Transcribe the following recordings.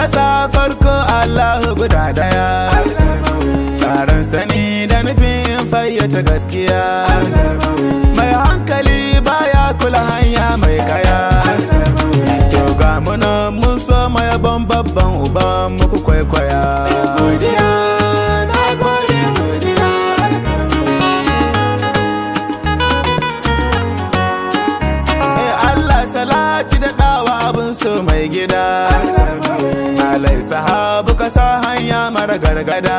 kasa farko Allah guda daya Taron sani da nufin fayyata gaskiya Mai hankali baya kula hanya mai kaya To ga muna mun so mai ban babban uba muku kwaikwaya Godiya eh, Salati da dawa abin mai gida. sahabu ka sa hanya mara gargada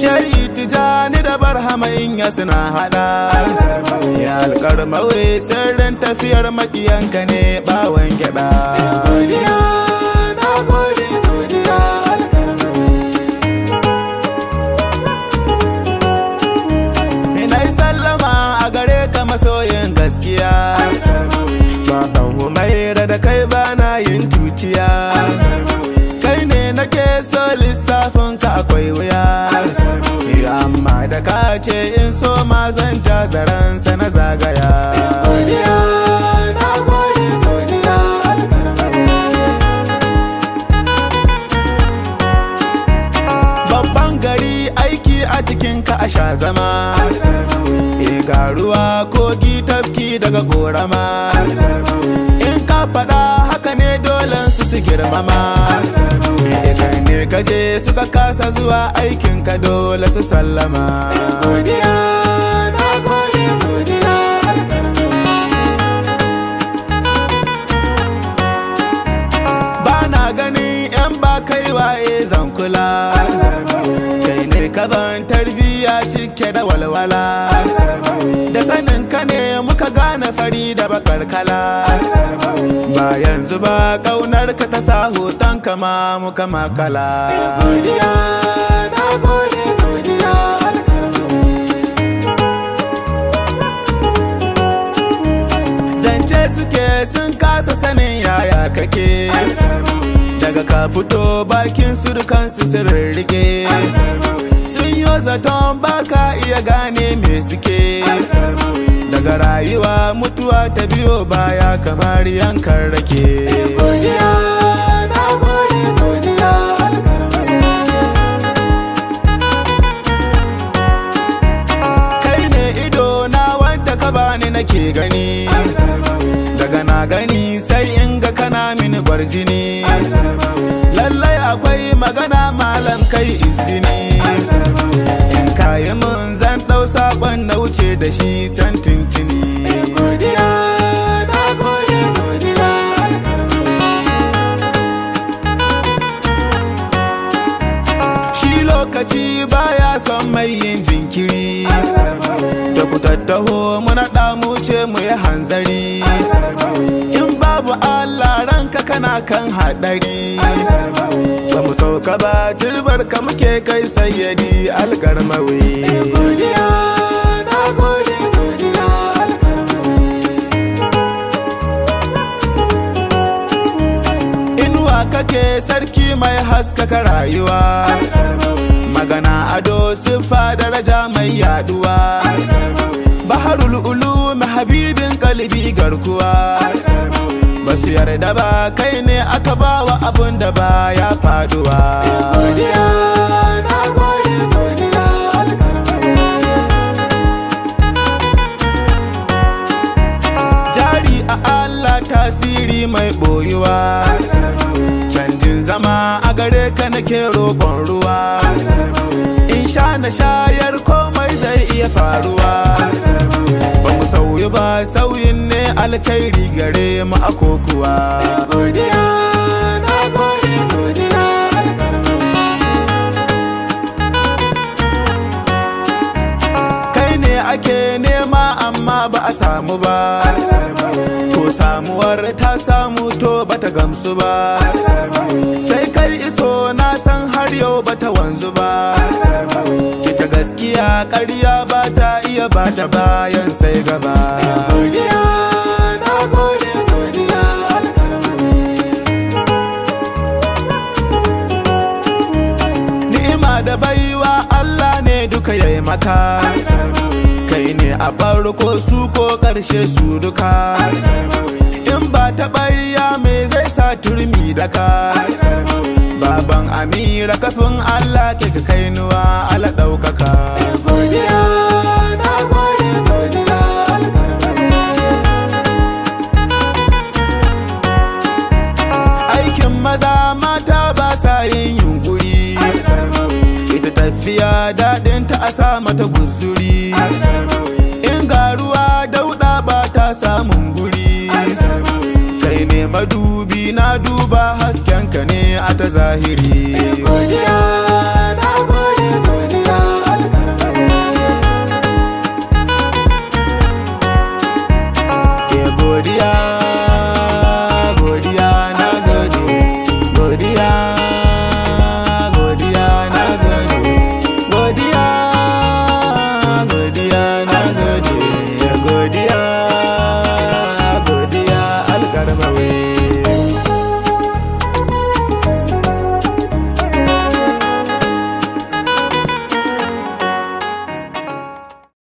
shayi tijani da barhama in ya suna hada ya alƙarmawe sirrin tafiyar makiyanka ne bawon gyaɗa masoyin gaskiya so lissafin ka akwai wuya eh, amma da ka ce in so ma zan ja zaren sa na zagaya a cikinka a sha zama e ga ruwa kogi tafki daga gorama in ka faɗa haka ne dolen su su girmama ne kaje suka kasa zuwa aikinka dole su sallama godiya ya cike da walwala da sanin ka ne muka gane fari da bakar kala ba yanzu ba kaunar ka ta sa hoton ma muka makala zance suke sun kasa sanin yaya kake daga ka fito bakin su sirrin rike sun yi zaton baka iya gane me suke daga rayuwa mutuwa ta biyo baya kamar yankan rake kai ne ido na wanda ka bani nake gani daga na gani sai in ga kana mini kwarjini lallai akwai magana malam kai izini wuce da shi can tintini Shi lokaci baya son mai yin jinkiri da ku tattaho muna damu ce mu yi hanzari in babu Allah ranka kana kan haɗari ba mu sauka ba turbar ka muke kai sayyadi algarmawi kake sarki mai haskaka rayuwa magana ado siffa daraja mai yaduwa baharul ulum habibin kalbi garkuwa basu yarda ba kai ne aka bawa abun da ba ya faduwa jari a Allah tasiri mai boyuwa gare ka nake roƙon ruwa in sha na shayar komai zai iya faruwa ba mu sauyi ba sauyin ne alkairi gare mu a ake nema amma ba a samu ba ko samuwar ta samu to ta gamsu ba sai yau bata wanzu ba kita gaskiya karya ba ta iya bata bayan sai gaba na gode ni'ima da baiwa Allah ne duka yayi maka kai ne a farko su ko karshe su duka in ba ta ɓarya me zai sa turmi daka baban amira kafin allah ke ka kai nuwa ala ɗaukaka aikin maza mata ba sa yin yunkuri ita tafiya daɗinta a sa mata guzuri in ga ruwa dauɗa ba ta samun guri kai ne madubi na duba haske ta zahiri godiya